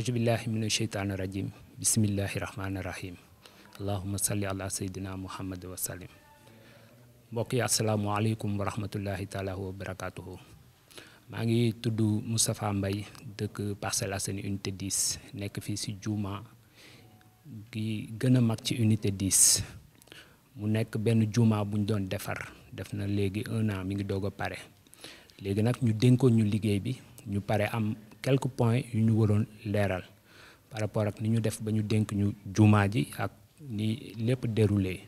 ajubillahi min asheytaani rajim bismillahi rahmaani rahim allahuma salli ala seydina muhammad wa sallim mbokk yi asalaamualeykum wa rahmatullahi taala wa barakatuhu maa ngi tudd Moustapha Mbaye dëkk Parcelles Assainies unité 10 nekk fii ci juuma gi gën a mag ci unité 10 mu nekk benn juuma bu ñu doon defar def na léegi un an mi ngi doog a pare léegi nag ñu dénkoon ñu liggéey bi ñu pare am quelque point yu ñu waroon leeral par rapport ak ni ñu def ba ñu dénk ñu jumaa ji ak ni lépp déroulé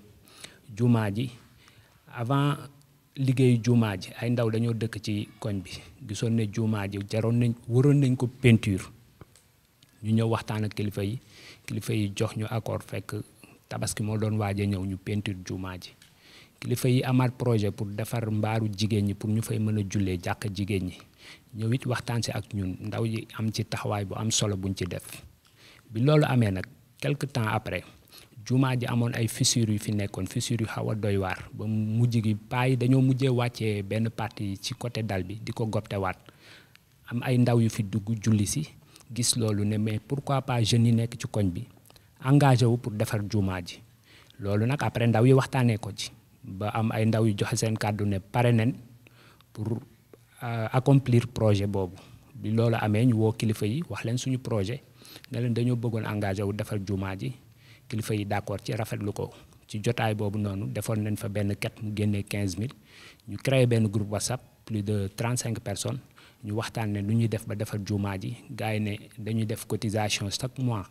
jumaa ji avant liggéeyu jumaa ji ay ndaw dañoo dëkk ci koñ bi gisoon ne jumaa ji jaroon nañ waroon nañ ko peinture ñu ñëw waxtaan ak kilifa yi kilifa yi jox ñu accord fekk tabaski moo doon waaje ñëw ñu peinture jumaa ji kilifa yi amaat projet pour defar mbaaru jigéen ñi pour ñu fay mën a jullee jàkk jigéen ñi ñëw it waxtaan si ak ñun ndaw yi am ci taxawaay bu am solo buñ ci def bi loolu amee nag quelque temps après jumaa ji amoon ay fissures yu fi nekkoon fissures yu xaw a doy waar ba mujj gi paa yi dañoo mujjee wàccee benn partie ci côté dal bi di ko goptewaat am ay ndaw yu fi dugg julli si gis loolu ne mais pourquoi pas jeunes yi nekk ci koñ bi engagé wu pour defar jumaa ji loolu nag après ndaw yi waxtaanee ko ci ba am ay ndaw yu joxe seen kàddu ne pare nen pour euh, accomplir projet boobu loolu amee ñu woo kilifa yi wax leen suñu projet ne leen dañoo bëggoon engage wu defar jumaa ji kilifa yi d'accord ci rafetlu ko ci jotaay boobu noonu defoon nañ fa benn ket mu génnee quinze mille ñu créer benn groupe whatsapp plus de trente cinq personnes ñu waxtaan ne lu ñuy def ba defar jumaa ji gars yi ne dañuy def cotisation chaque mois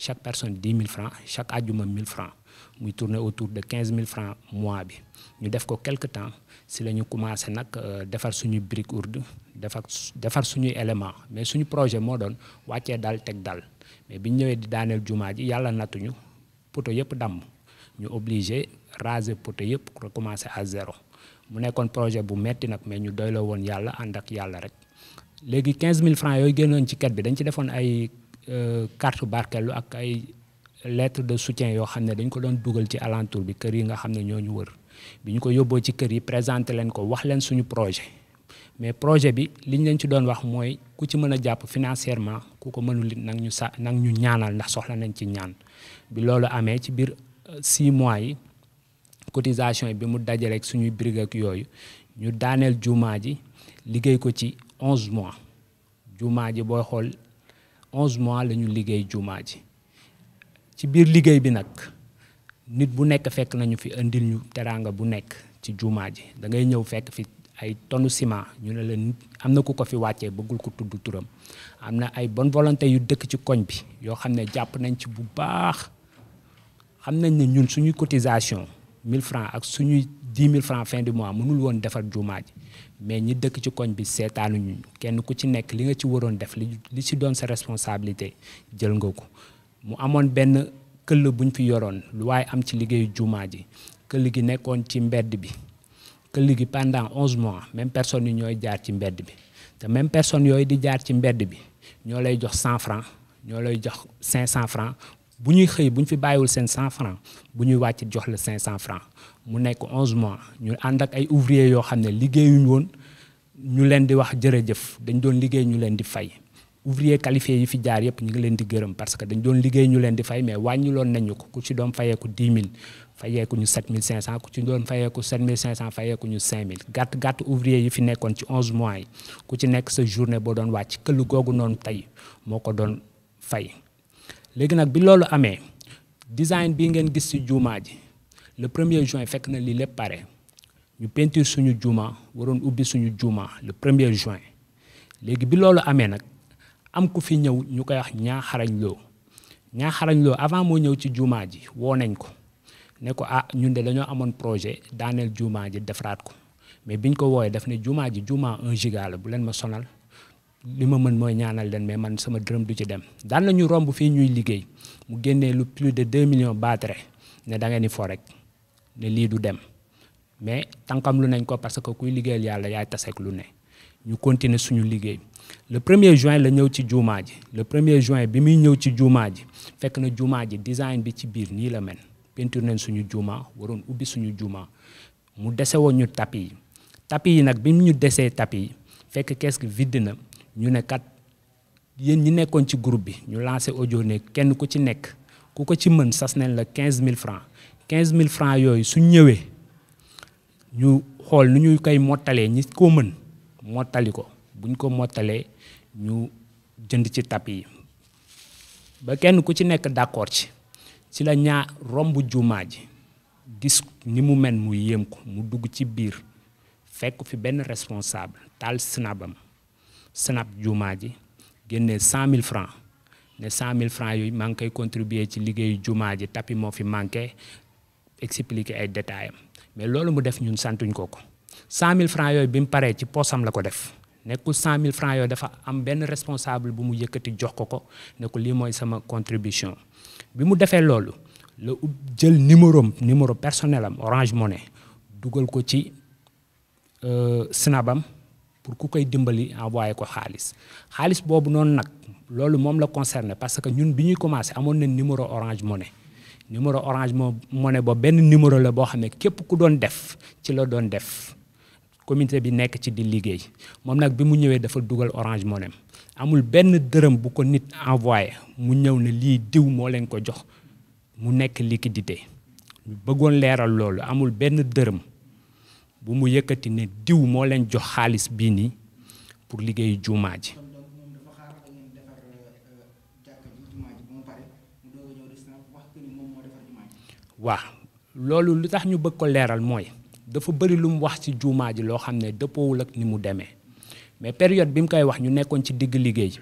chaque personne dix mille francs chaque àjjuma mille francs muy tourner autour de quinze mille francs mois bi ñu def ko quelque temps si la ñu commencé nag defar suñu brique ourde defar defar suñuy élément mais suñu projet moo doon wàccee dal teg dal mais bi ñu ñëwee di daaneel jumaa ji yàlla nattuñu poto yëpp damm ñu obligé raser poto yëpp recommencer a zéro mu nekkoon projet bu metti nag mais ñu doyloo woon yàlla ànd ak yàlla rek léegi quinze mille francs yooyu génnoon ci ket bi dañ ci defoon ay euh, carte barkeelu ak ay lettre de soutien yoo xam ne dañ ko doon dugal ci alentour bi kër yi nga xam ne ñoo ñu wër bi ñu ko yóbboo ci kër yi présenté leen ko wax leen suñu projet mais projet bi liñ leen ci doon wax mooy ku ci mën a jàpp financièrement ku ko mënul it nag ñu sa nag ñu ñaanal ndax soxla nañ ci ñaan bi loolu amee ci biir euh, six mois yi cotisation bi mu dajale suñuy brigue yooyu ñu daaneel jumaa ji liggéey ko ci onze mois jumaa ji booy xool onze mois la ñu liggéey jumaa ji ci biir liggéey bi nag nit bu nekk fekk nañu fi indil ñu teraanga bu nekk ci jumaa ji da ngay ñëw fekk fi ay tonu ciment ñu ne la am na ku ko fi wàccee bëggul ko tudd turam am na ay bon volonté yu dëkk ci koñ bi yoo xam ne jàpp nañ ci bu baax xam nañ ne ñun suñuy cotisation 1000 francs ak suñuy 10 mille francs fin du mois mënul woon defar jumaa ji mais ñi dëkk ci koñ bi ñu kenn ku ci nekk li nga ci waroon def li li ci doon sa responsabilité jël nga ko mu amoon benn këll buñ fi yoroon lu waaye am ci liggéeyu jumaa ji këll gi nekkoon ci mbedd bi këll gi pendant onze mois même personnes yi ñooy jaar ci mbedd bi te même personnes yooyu di jaar ci mbedd bi ñoo lay jox cent franc ñoo lay jox cinq cent franc bu ñuy xëy bu ñu fi bàyyiwul seen cent franc bu ñuy wàcc jox la cinq cent franc mu nekk onze mois ñu ànd ak ay ouvrier yoo xam ne liggéeyuñ woon ñu leen di wax jërëjëf dañ doon liggéey ñu leen di fay ouvrier qualifié yi fi jaar yëpp ñu ngi leen di gërëm parce que dañ doon liggéey ñu leen di fay mais wàññiloon nañu ko ku ci doon fayeeku 10 000 fayeeku ñu 7500 ku ci doon fayeeku 7500 fayeeku ñu 5000 gàtt gàtt ouvrier yi fi nekkoon ci 11 mois yi ku ci nekk sa journée boo doon wàcc këll googu noonu tey moo ko doon fay léegi nag bi loolu amee design bii ngeen gis ci juumaa ji le premier juin fekk na lii lépp pare ñu peinture suñu juuma waroon ubbi suñu juuma le premier juin léegi bi loolu amee nag am ku fi ñëw ñu koy wax ñaaxarañ loo ñaaxarañ loo avant moo ñëw ci jumaa ji woo nañ ko ne ko ah ñun de dañoo amoon projet daaneel jumaa ji defaraat ko mais biñ ko wooyee def ne jumaa ji jumaa un giga bu leen ma sonal li ma mën mooy ñaanal leen mais man sama dërëm du ci dem daan nañu romb fii ñuy liggéey mu génnee lu plus de 2 millions baatare ne da ngeen di fo rek ne lii du dem mais tànkam lu nañ ko parce que kuy liggéeyal yàlla yaay taseek lu ne ñu continuer suñu liggéey le premier juin la ñëw ci juumaa ji le premier juin bi muy ñëw ci juumaa ji fekk na juumaa ji design bi ci biir nii la mel peinture nañ suñu juumaa waroon ubbi suñu juumaa mu dese woon ñu tapis yi tapis yi nag bi ñu desee tapis yi fekk kees gi vide na ñu ne kat yéen ñi nekkoon ci groupe bi ñu lancé audio ne kenn ku ci nekk ku ko ci mën sas nañ la 15000 francs 15000 francs yooyu su ñëwee ñu xool nu ñu kay mottalee ñi ko mën mottali ko buñ ko mottalee ñu jënd ci tap yi ba kenn ku ci nekk d'accord ci ci la ñaar romb jumaa ji gis ni mu men mu yéem ko mu dugg ci biir fekk fi benn responsable taal snabam snap jumaa ji génnee cent mille francs ne cent mille francs yooyu maa ngi koy contribuer ci liggéeyu jumaa ji tapi moo fi manqué expliquer ay détails am mais loolu mu def ñun santuñ ko ko cent mille francs yooyu bi mu paree ci poosam la ko def nekkul cent mille francs yoo dafa am benn responsable bu mu yëkkati jox ko ko ne ko lii mooy sama contribution bi mu defee loolu la jël numéro numéro personnel am Orange Money dugal ko ci euh, snabam pour ku koy dimbali envoyé ko xaalis xaalis boobu noonu nag loolu moom la concerné parce que ñun bi ñuy commencé amoon na numéro Orange Money numéro Orange Money boobu benn numéro la boo xam ne képp ku doon def ci la doon def comité bi nekk ci di liggéey moom nag bi mu ñëwee dafa dugal Orange Money amul benn dërëm bu ko nit envoyé mu ñëw ne lii diw moo leen ko jox mu nekk liquidité bëggoon leeral loolu amul benn dërëm bu mu yëkkati ne diw moo leen jox xaalis bii nii pour liggéeyu juumaa ji euh, waa loolu lu tax ñu bëgg ko leeral mooy dafa bëri lu mu wax ci juumaa ji loo xam ne dëppoowul ak ni mu demee mais période bi mu koy wax ñu nekkoon ci digg liggéey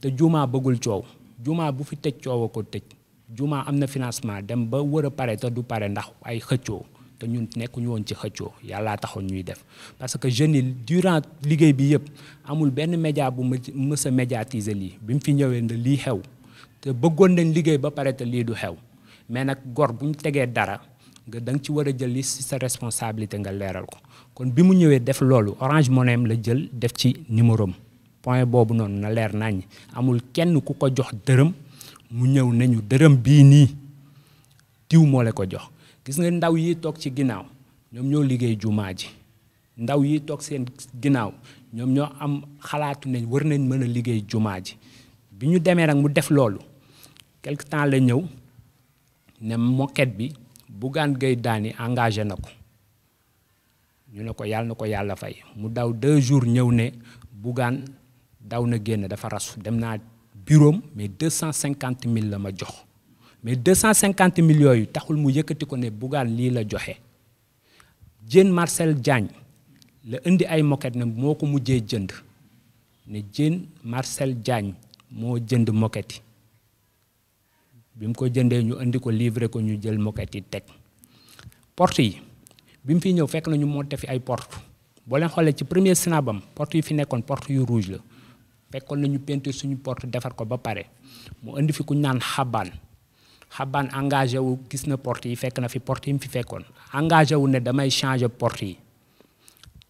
te juumaa bëggul coow juumaa bu fi tëj coow ko tëj juumaa am na financement dem ba wër a pare te du pare ndax ay xëccoo te ñun nekkuñu woon ci xëccoo yàllaa taxoon ñuy def parce que jeunes yi durant liggéey bi yëpp amul benn média bu mës a médiatiser lii bi mu fi ñëwee ne lii xew te bëggoon nañ liggéey ba pare te lii du xew mais nag gor bu ñu tegee dara. nga da ci war a jël li si sa responsabilité nga leeral ko kon bi mu ñëwee def loolu Orange Money am la jël def ci numéro am point boobu noonu na leer nañ amul kenn ku ko jox dërëm mu ñëw nañu dërëm bii nii diw moo la ko jox gis nga ndaw yi toog ci ginnaaw ñoom ñoo liggéey jumaa ji ndaw yi toog seen ginnaaw ñoom ñoo am xalaatu nañ wër nañ mën a liggéey jumaa ji bi ñu demee nag mu def loolu quelque temps la ñëw ne mokket bi Bougane Gueye Dany engagé na ko ñu ne ko yàlla na ko yàlla fay mu daw deux jours ñëw ne Bougane daw na génn dafa rasu dem naa bureau mais deux cent cinquante mille la ma jox mais deux cent cinquante mille yooyu taxul mu yëkkati ko ne Bougane lii la joxe Diène Marcel Diagne la indi ay moquette ne moo ko mujjee jënd ne Diène Marcel Diagne moo jënd moquette yi bi mu ko jëndee ñu indi ko livré ko ñu jël moquette yi teg porte yi bi mu fi ñëw fekk na ñu monté fi ay porte boo leen xoolee ci premier snabam porte yi fi nekkoon porte yu rouge la fekkoon nañu peinture suñu porte defar ko ba pare mu indi fi ku naan xaban xaban engagé wu gis na porte yi fekk na fi porte yi mu fi fekkoon engagé wu ne damay changer porte yi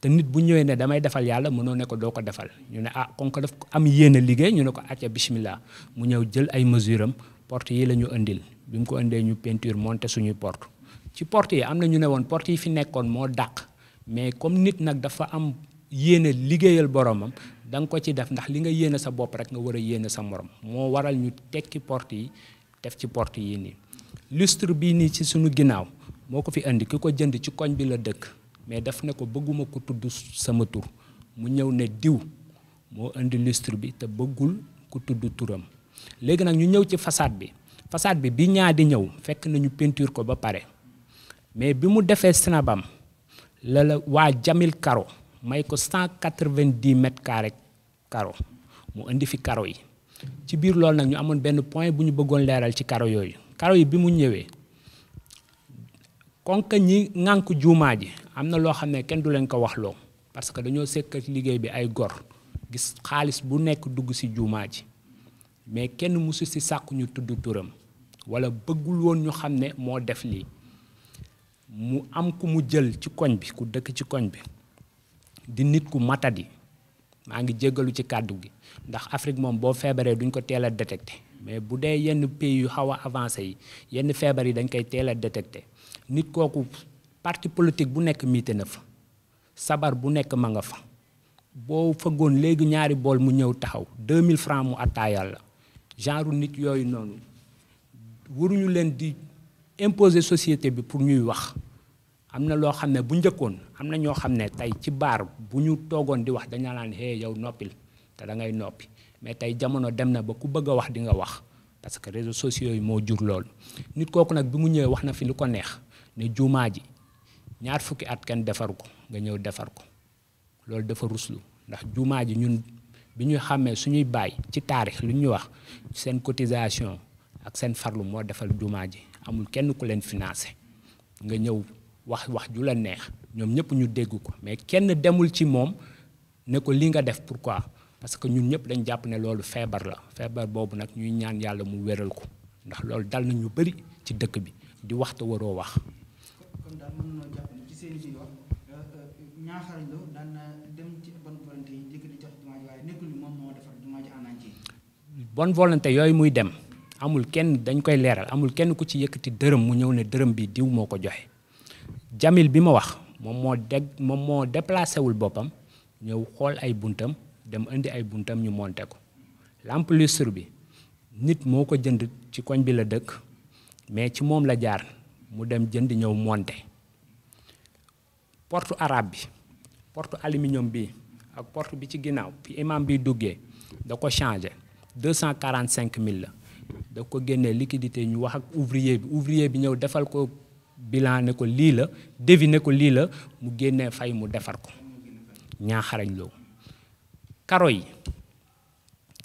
te nit bu ñëwee ne damay defal yàlla mënoo ne ko doo ko defal ñu ne ah kon ko def am yéene liggéey ñu ne ko acca bismillah mu ñëw jël ay mesure porte yi la ñu indil bi mu ko indee ñu peinture monté suñuy porte ci porte yi am na ñu ne woon porte yi fi nekkoon moo dàq mais comme nit nag dafa am yéene liggéeyal boromam da nga ko ci def ndax li nga yéene sa bopp rek nga war a yéene sa morom moo waral ñu tekki port yi def ci porte yi nii lustre bii nii ci suñu ginnaaw moo ko fi indi ki ko jënd ci koñ bi la dëkk mais def ne ko bëgguma ko tudd sama tur mu ñëw ne diw moo indi lustre bi te bëggul ku tudd turam léegi nag ñu ñëw ci façade bi façade bi bi ñaar di ñëw fekk nañu peinture ko ba pare mais bi mu defee snabam la la waa Jamil Karo may ko cent quatre-vingt-dix mètres carrés karo mu indi fi karo yi ci biir loolu nag ñu amoon benn point bu ñu bëggoon leeral ci karo yooyu karo yi bi mu ñëwee konka ñi ŋànk juumaa ji am na loo xam ne kenn du leen ko wax loo parce que dañoo sekk liggéey bi ay gor gis xaalis bu nekk dugg ci juumaa ji mais kenn musu si sàkku ñu tudd turam wala bëggul woon ñu xam ne moo def lii mu am ku mu jël ci koñ bi ku dëkk ci koñ bi di nit ku matadi maa ngi jéggalu ci kàddu gi ndax Afrique moom boo feebaree duñ ko teel a détecté mais bu dee yenn pays yu xaw a avancé yi yenn feebar yi dañ koy teel a détecté nit kooku parti politique bu nekk miite na fa sabar bu nekk ma nga fa boo fëggoon léegi ñaari bool mu ñëw taxaw 2000 francs mu attaayal la genre nit yooyu noonu waruñu leen di imposer société bi pour ñuy wax am na loo xam ne bu njëkkoon am na ñoo xam ne tey ci baar bu ñu toogoon di wax dañu naan hey yow noppil te da ngay noppi mais tey jamono dem na ba ku bëgg wax di nga wax parce que réseau sociaux yi moo jur lool nit kooku nag bi mu ñëwee wax na fi lu ko neex ne juumaa ji ñaar fukki at kenn defaru ko nga ñëw defar ko loolu dafa ruslu ndax juumaa ji ñun. bi ñuy xàmmee ñuy bàyyi ci taarix lu ñuy wax seen cotisation ak seen farlu moo defal jumaa ji amul kenn ku leen financé nga ñëw wax wax ju la neex ñoom ñëpp ñu dégg ko mais kenn demul ci moom ne ko li nga def pourquoi parce que ñun ñëpp dañ jàpp ne loolu feebar la feebar boobu nag ñuy ñaan yàlla mu wéral ko ndax loolu dal na ñu bëri ci dëkk bi di wax waroo wax. bon volonté yooyu muy dem amul kenn dañ koy leeral amul kenn ku ci yëkkati dërëm mu ñëw ne dërëm bii diw moo ko joxe Jamil bi ma wax moom moo deg moom moo déplacé wul boppam ñëw xool ay buntam dem indi ay buntam ñu monte ko lampe lustre bi nit moo ko jënd ci koñ bi la dëkk mais ci moom la jaar mu dem jënd ñëw monte porte arabe bi porte aluminium bi ak porte bi ci ginnaaw fi imam bi duggee da ko changé deux cent quarante cinq mille la da ko génnee liquidité ñu wax ak ouvrier bi ouvrier bi ñëw defal ko bilan ne ko lii la devis ne ko lii la mu génne fay mu defar ko ñaaxarañ loo karo yi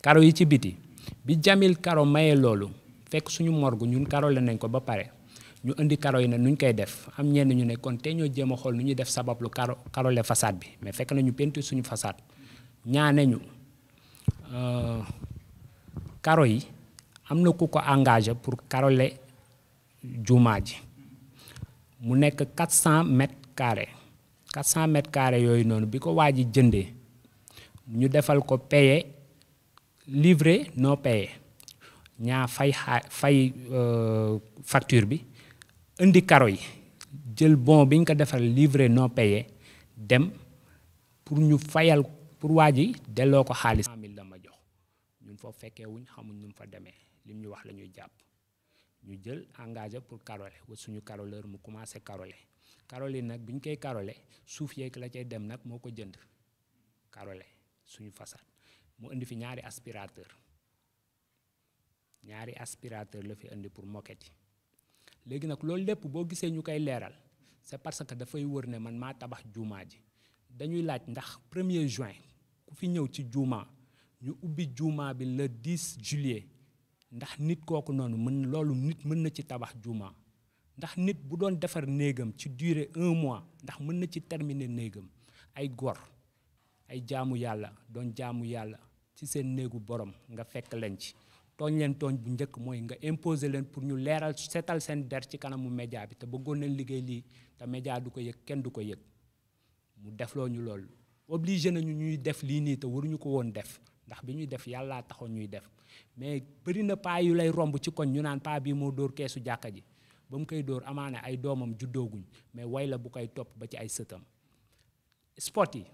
karo yi ci biti bi Jamil karo mayee loolu fekk suñu morgue ñun karo la nañ ko ba pare ñu indi karo yi ne nuñ koy def xam ñenn ñu ne kon te ñoo jéem a xool nu ñu def sabablu karo karole façade bi mais fekk nañu penti suñu façade ñaane ñu euh, karo yi am na ku ko engagé pour karole jumaa ji mu nekk 400 mètres carrés 400 mètres carrés yooyu noonu bi ko waa ji jëndee ñu defal ko payer livre non payé ñaa fay xaa fay euh, bi indi karo yi jël bon bi ñu ko defal livré non payé dem pour ñu fayal pour waa ji delloo ko xaalis. foofu fekkee wuñ xamuñ nu mu fa demee lim ñu wax la ñuy jàpp ñu jël engagé pour carole wa suñu caroleur mu commencé carole carole nag bi ñu koy carole suuf yeeg la cay dem nag moo ko jënd carole suñu façade mu indi fi ñaari aspirateur ñaari aspirateur la fi indi pour moquette yi léegi nag loolu lépp boo gisee ñu koy leeral c'est parce que dafay wër ne man maa tabax juumaa ji dañuy laaj ndax premier juin ku fi ñëw ci juumaa ñu ubbi juuma bi le 10 juillet ndax nit kooku noonu mën loolu nit mën na ci tabax jumaa ndax nit bu doon defar néegam ci durée un mois ndax mën na ci terminer néegam ay góor ay jaamu yàlla doon jaamu yàlla ci seen néegu borom nga fekk leen ci tooñ leen tooñ bu njëkk mooy nga imposer leen pour ñu leeral seetal seen der ci kanamu média bi te bëggoon nañ liggéey lii te média du ko yëg kenn du ko yëg mu defloo ñu loolu obligé nañu ñuy def lii nii te waruñu ko woon def ndax bi ñuy def yàlla taxoon ñuy def mais bëri na paa yu lay romb ci koñ ñu naan paa bii moo dóor keesu jàkka ji ba mu koy dóor amaane ay doomam juddooguñ mais way la bu koy topp ba ci ay sëtam spot yi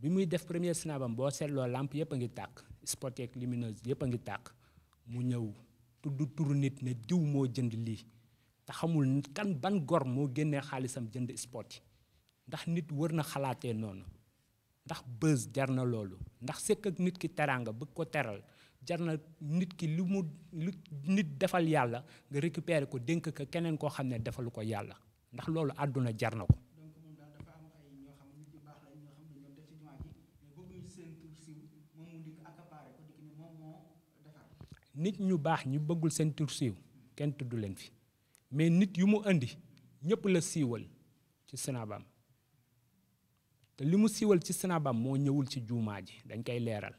bi muy def premier snabam boo seetloo làmp yëpp a ngi tàkk spot yeeg lumineuse yëpp a ngi tàkk mu ñëw tudd turu nit ne diw moo jënd lii te xamul kan ban gor moo génnee xaalisam jënd spot yi ndax nit wër na xalaatee noonu ndax bës jar na loolu ndax sëkk ak nit ki teraanga bëgg ko teral jar na nit ki lu mu nit defal yàlla nga récupérer ko dénk ko keneen koo xam ne defalu ko yàlla ndax loolu àdduna jar na ko. nit ñu baax ñu bëggul seen tur siiw kenn tudd leen fi mais nit yu mu indi ñëpp la siiwal ci sinaabam te li mu siiwal ci snabam moo ñëwul ci juumaa ji dañ koy leeral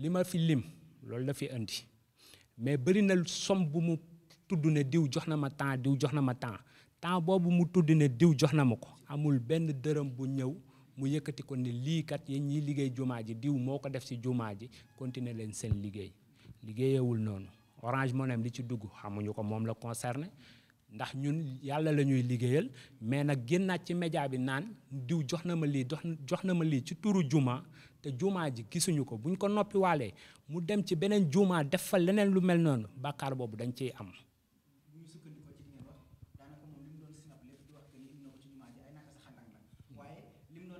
li ma fi lim loolu la fi indi mais bëri na som bu mu tudd ne diw jox na ma temps diw jox na ma temps temps boobu mu tudd ne diw jox na ma ko amul benn dërëm bu ñëw mu yëkkati ko ne liikat kat yéen liggéey jumaa ji diw moo ko def ci jumaa ji continuer leen seen liggéey liggéeyewul noonu Orange Money li ci dugg xamuñu ko moom la concerné ndax ñun yàlla lañuy liggéeyal mais nag génnaat ci média bi naan diw jox na ma lii jox na ma lii ci tuuru jumaa te juma ji gisuñu ko buñ ko noppi mu dem ci beneen juma def fa leneen lu mel noonu bàkkaar boobu dañ ciy am. a hmm.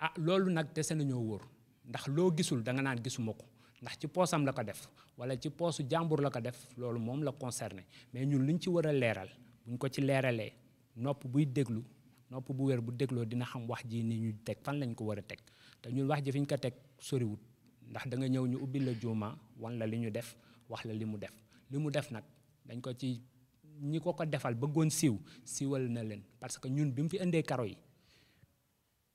ah, loolu nag dese nañoo wóor ndax loo gisul danga naan gisuma ko ndax ci poosam la ko def. wala ci poosu jàmbur la ko def loolu moom la concerné mais ñun luñ ci war a leeral buñ ko ci leeralee nopp buy déglu nopp bu wér bu dégloo dina xam wax ji ni ñu teg fan lañ ko war a teg te ñun wax ji fi ko teg soriwut ndax da nga ñëw ñu ubbi la juuma wan li ñu def wax li mu def li mu def nag dañ ko ci ñi ko ko defal bëggoon siiw siiwal na leen parce que ñun bi mu fi indee karo yi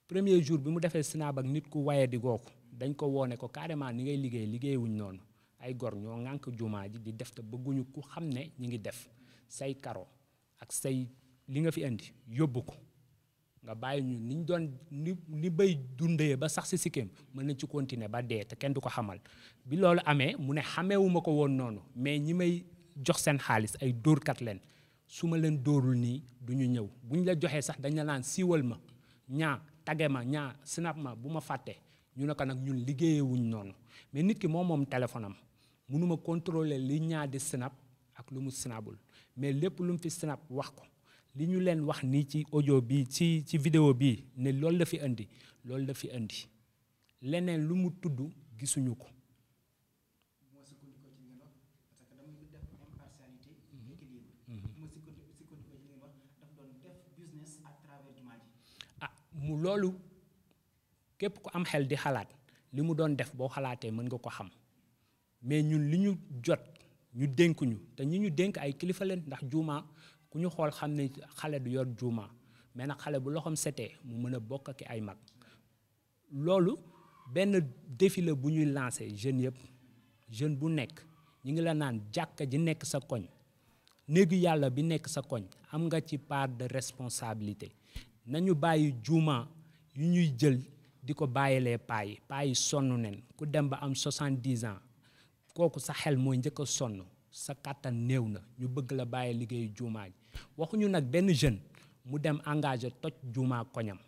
premier jour bi mu defee sinaab ak nit ku waye di googu dañ ko woone ko carrément ni ngay liggéey liggéey noonu ay gor ñoo ŋànk jumaa ji di def te bëgguñu ku xam ne ñu ngi def say karo ak say li nga fi indi yóbbu ko nga bàyyi ñu niñ doon ni ni bay dundee ba sax si sikkeem mën nañ ci continuer ba dee te kenn du ko xamal bi loolu amee mu ne xàmmewuma ko woon noonu mais ñi may jox seen xaalis ay dóorkat leen su ma leen dóorul nii duñu ñëw bu ñu la joxee sax dañ la naan siiwal ma ñaa tage ma ñaa sinap ma bu ma fàttee ñu ne ko nag ñun liggéeyewuñ noonu mais nit ki moom moom téléphone am mënuma contrôler li ñaa di snap ak lu mu snapul mais lépp lu mu fi snap wax ko li ñu leen wax nii ci audio bi ci ci vidéo bi ne loolu la fi indi loolu la fi indi leneen lu mu tudd gisuñu ko mhm. Mhm. ah loolu képp ku am xel di xalaat li mu doon def boo xalaatee mën nga ko xam mais ñun li ñu jot ñu dénk ñu te ñi ñu dénk ay kilifa leen ndax juuma ku ñu xool xam ne xale du yor juuma mais nag xale bu loxom setee mu mën a bokk ak ay mag loolu benn défi bu ñuy lancé jeunes yëpp jeune bu nekk ñu ngi la naan jàkka ji nekk sa koñ néegu yàlla bi nekk sa koñ am nga ci part de responsabilité nañu bàyyi juuma yu ñuy jël di ko bàyyilee paa yi paa yi sonn nen ku dem ba am 70 ans kooku sa xel mooy njëkk a sonn sa kàttan néew na ñu bëgg la bàyyi liggéeyu juumaa ji waxuñu nag benn jeune mu dem engagé toj juumaa koñam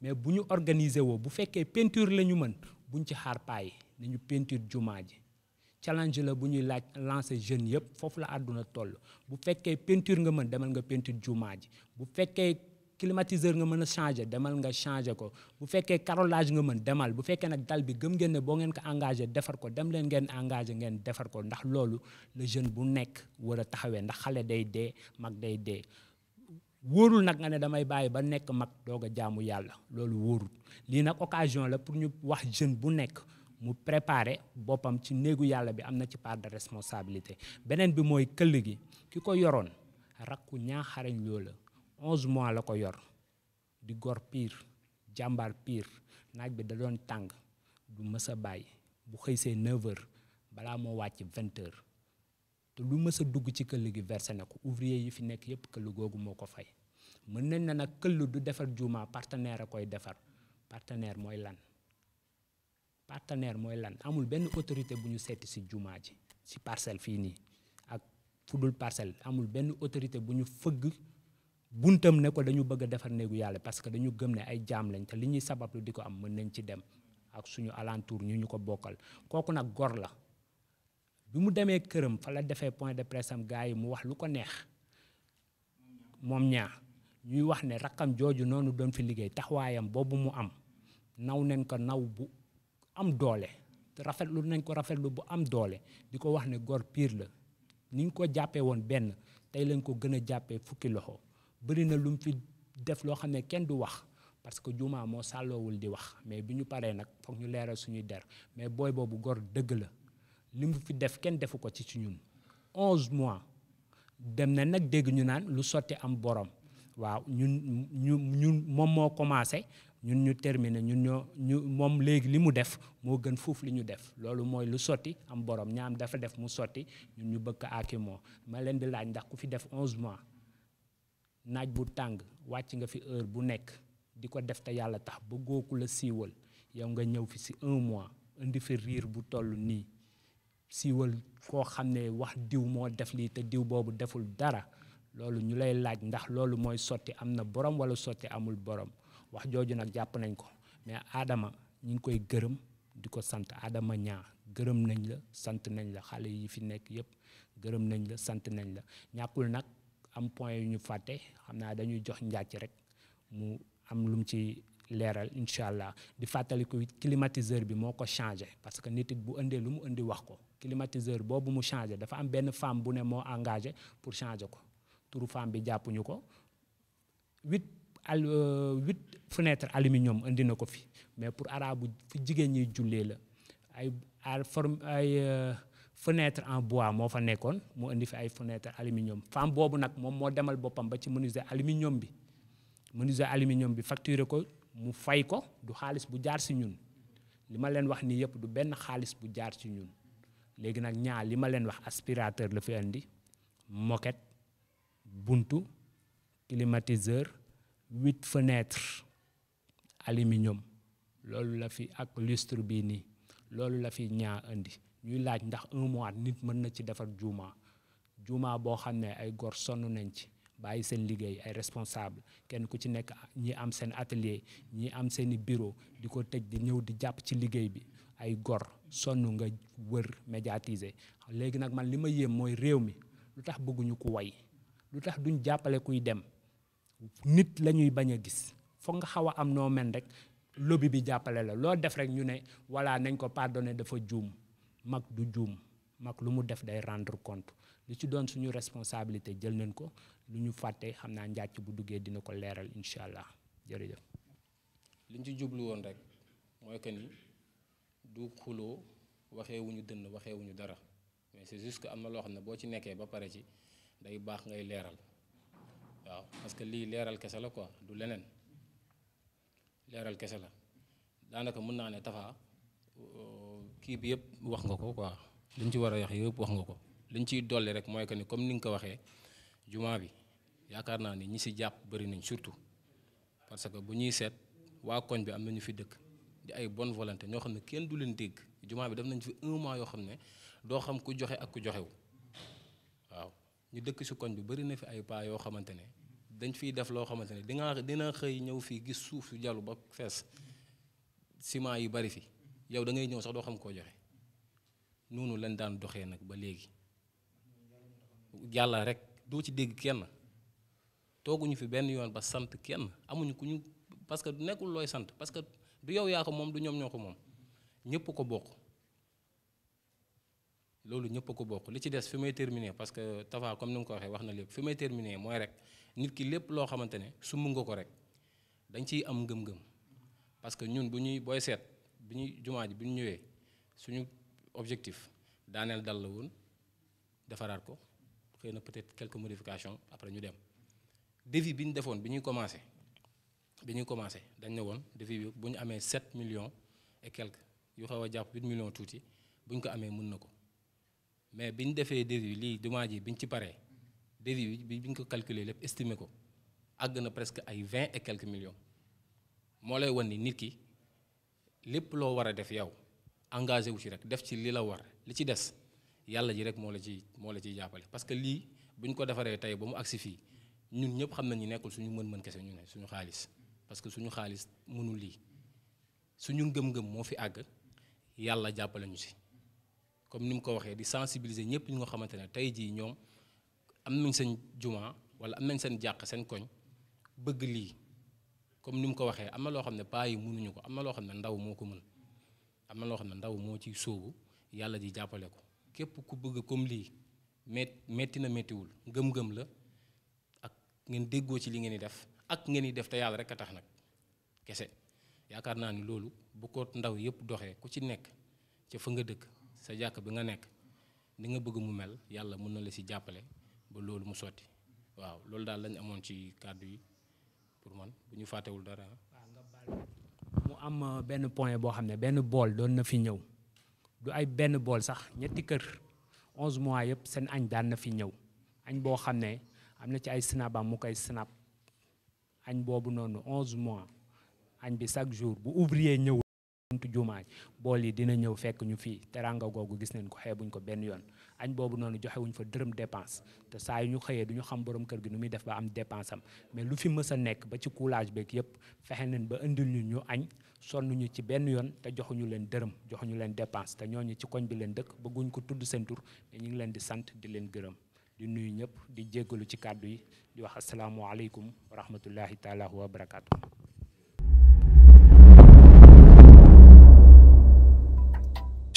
mais bu ñu organiser woo bu fekkee peinture la ñu mën buñ ci xaar payi nañu peinture juumaa ji challenge la bu ñuy laaj lancer jeunes yëpp foofu la àdduna toll bu fekkee peinture nga mën demal nga peinture juumaa ji bu fekkee climatiseur nga mën a changer demal nga changer ko bu fekkee carolage nga mën demal bu fekkee nag dal bi gëm ngeen ne boo ngeen ko engagé defar ko dem leen ngeen engagé ngeen defar ko ndax loolu le jeune bu nekk war a taxawee ndax xale day dee mag day dee wóorul nag nga ne damay bàyyi ba nekk mag doog a jaamu yàlla loolu wóorul lii nag occasion la pour ñu wax jeune bu nekk mu préparer boppam ci néegu yàlla bi am na ci part de responsabilité beneen bi mooy këll gi ki ko yoroon rakku ñaaxarañ loola onze mois la ko yor di gor piir jàmbaar piir naaj bi da doon tàng du mës a bàyyi bu xëy see 9 heures balaa moo wàcc 20 te lu mës a dugg ci këll gi versé na ko ouvrier yi fi nekk yépp këll googu moo ko fay mën nañ na nag këll du defar juuma partenaire a koy defar partenaire mooy lan partenaire mooy lan amul benn autorité bu ñu seeti si juuma ji si parcelle fii nii ak fudul parcelle amul benn autorité bu ñu fëgg buntam ne ko dañu bëgg a defar néegu yàlla parce que dañu gëm ne ay jaam lañ te li ñuy sabablu di ko am mën nañ ci dem ak suñu alentour ñu ñu ko bokkal kooku nag gor la bi mu demee këram fa la defee point de presse am gars yi mu wax lu ko neex moom ñaar ñuy wax ne rakkam jooju noonu doon fi liggéey taxawaayam boobu mu am naw nañ ko naw bu am doole rafetlu nañ ko rafetlu bu am doole di ko wax ne gor piir la ni ñu ko jàppee woon benn tey lañ ko gën a jàppee fukki loxo bëri na lu mu fi def loo xam ne kenn du wax parce que jumaa moo sàlloowul di wax mais bi ñu paree nag foog ñu leeral suñuy der mais booy boobu gor dëgg la li mu fi def kenn defu ko ci ci ñun onze mois dem na nag dégg ñu naan lu sotti am borom waaw ñun ñu ñun moom moo commencé ñun ñu terminé ñun ñoo ñu moom léegi li mu def moo gën fuuf li ñu def loolu mooy lu sotti am borom ñaam dafa def mu sotti ñun ñu bëgg aaki moo ma leen di laaj ndax ku fi def 11 mois naaj bu tàng wàcc nga fi heure bu nekk di ko def te yàlla tax bëggoo la siiwal yow nga ñëw fi si un mois indi fi riir bu toll nii siiwal koo xam ne wax diw moo def lii te diw boobu deful dara loolu ñu lay laaj ndax loolu mooy sotti am na borom wala sotti amul borom wax jooju nag jàpp nañ ko mais aadama ñu ngi koy gërëm di ko sant aadama ñaa gërëm nañ la sant nañ la xale yi fi nekk yépp gërëm nañ la sant nañ la ñàkkul nag. am point yu ñu fàtte xam naa dañuy jox njàcc rek mu am lu mu ci leeral incha allah di fàttaliku climatiseur bi moo ko changé parce que nit bu indee lu mu indi wax ko climatiseur boobu mu changé dafa am benn femme bu ne moo engagé pour changer ko turu femme bi jàppuñu ko huit al euh, huit fenêtre aluminium indi na ko fi mais pour arabu fu jigéen ñi jullee la ay ay. Euh, fenêtre en bois moo fa nekkoon mu indi fi ay fenêtre aluminium femme boobu nag moom moo demal boppam ba ci menuisier aluminium bi menuisier aluminium bi facturé ko mu fay ko du xaalis bu jaar si ñun li ma leen wax nii yëpp du benn xaalis bu jaar ci ñun léegi nag ñaar li ma leen wax aspirateur la fi indi moquette buntu climatiseur huit fenêtres aluminium loolu la fi ak lustre bii nii loolu la fi ñaa indi ñuy laaj ndax un mois nit mën na ci defar juuma juuma boo xam ne ay gor sonn nañ ci bàyyi seen liggéey ay responsable kenn ku ci nekk ñi am seen atelier ñi am seeni bureau di ko tëj di ñëw di jàpp ci liggéey bi ay gor sonn nga wër médiatiser léegi nag man li ma yéem mooy réew mi lu tax bëgguñu ko way lu tax duñ jàppale kuy dem nit la ñuy bañ a gis foog nga xaw a am noo men rek lobby bi jàppale la loo def rek ñu ne walla nañ ko pardonné dafa juum mag du juum mag lu mu def day rendre compte lu ci doon suñu responsabilité jël nañ ko lu ñu fàtte xam naa njàcc bu duggee dina ko leeral incha allah jërëjëf. liñ ci jublu woon rek mooy que ni du xuloo waxewuñu wu ñu dënn waxee dara mais c'est juste que am na loo xam ne boo ci nekkee ba pare ci day baax ngay leeral waaw parce que lii leeral kese la ko du leneen leeral kese la daanaka mën naa ne Tapha. kii bi yëpp wax nga ko quoi liñ ci war a wax yëpp wax nga ko liñ ciy dolli rek mooy que ni comme ni nga ko waxee jumaa bi yaakaar naa ni ñi si jàpp bari nañ surtout parce que bu ñuy seet waa koñ bi am nañu fi dëkk di ay bonne volonté ñoo xam ne kenn du leen dégg jumaa bi def nañ fi un mois yoo xam ne doo xam ku joxe ak ku joxewu waaw ñu dëkk si koñ bi bari na fi ay paa yoo xamante ne dañ fiy def loo xamante ne dinaa dina xëy ñëw fii gis suuf su jalu ba fees ciment yi bari fi yow da ngay ñëw sax doo xam koo joxe noonu lañ daan doxee nag ba léegi yàlla rek doo ci dégg kenn tooguñu fi benn yoon ba sant kenn amuñu ku ñu parce que nekkul looy sant parce que du yow yaa ko moom du ñoom ñoo ko moom ñëpp ko bokk loolu ñëpp ko bokk li ci des fi may terminer parce que Tafa comme ni nga ko waxee wax na lépp fi may terminer mooy rek nit ki lépp loo xamante ne sumb nga ko rek dañ ciy am ngëm-ngëm parce que ñun bu ñuy booy seet. bi ñuy jumaa ji bi ñu ñëwee suñu objectif daaneel dal la woon defaraat ko xëy na peut-être quelques modifications après ñu dem défi bi ñu defoon bi ñuy commencé bi ñuy commencé dañ ne woon défi bi bu ñu amee 7 million et quelques yu xaw a jàpp 8 millions tuuti bu ñu ko amee mun na ko mais bi ñu defee défi lii jumaa ji bi ñu ci paree défi bi bi ñu ko calculer lépp estimer ko àgg na presque ay vingt et quelques millions moo lay wan ni nit ki. lépp loo war a def yow engagé wu ci rek def ci li la war li ci des yàlla ji rek moo la ci moo la ciy jàppale parce que lii bu ñu ko defaree tey ba mu agsi fii ñun ñëpp xam nañ ñu nekkul suñu mën-mën kese ñu ne suñu xaalis parce que suñu xaalis mënul lii suñu ngëm-ngëm moo fi àgg yàlla jàppale ñu si comme ni mu ko waxee di sensibiliser ñëpp ñu nga xamante ne tey jii ñoom am nañ seen jumaa wala am nañ seen jàq seen koñ bëgg lii comme ni mu ko waxee am na loo xam ne paa yi mënuñu ko am na loo xam ne ndaw moo ko mën am na loo xam ne ndaw moo ciy sóobu yàlla di jàppale ko képp ku bëgg comme lii mét metti na méttiwul ngëm-ngëm la ak ngeen déggoo ci li ngeen di def ak ngeen di def te yàlla rek a tax nag kese yaakaar naa ni loolu bu ko ndaw yëpp doxee ku ci nekk ca fa nga dëkk sa jàkk bi nga nekk ni nga bëgg mu mel yàlla mun na la si jàppale ba loolu mu sotti waaw loolu daal lañ amoon ci kàddu yi. pour man bu ñu fàttewul dara. waaw mu am euh, benn point boo xam ne benn bool doon na fi ñëw du ay benn bool sax ñetti kër onze mois yëpp seen añ daan na fi ñëw añ boo xam ne am na ci ay snapam mu koy snap añ boobu noonu onze mois añ bi chaque jour bu ouvrier ñëw. buntu jumaa bool yi dina ñëw fekk ñu fii teraanga googu gis nañ ko xeebuñ ko benn yoon añ boobu noonu joxe fa dërëm dépense te saa yu ñu xëyee du ñu xam borom kër gi nu muy def ba am dépense am mais lu fi mës a nekk ba ci coulage beeg yëpp fexe neen ba indil ñu ñu añ sonnuñu ci benn yoon te joxuñu leen dërëm joxuñu leen dépense te ñooñu ci koñ bi leen dëkk bëgguñ ko tudd seen mais ñu ngi leen di sant di leen gërëm di nuyu ñëpp di jéggalu ci kàddu yi di wax asalaamualeykum wa rahmatullahi taala wa barakaatu.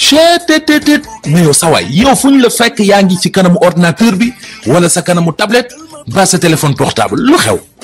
cheetetetet mais yow sa waay yow fu la fekk yaa ngi ci kanamu ordinateur bi wala sa kanamu tablette ba sa téléphone portable lu xew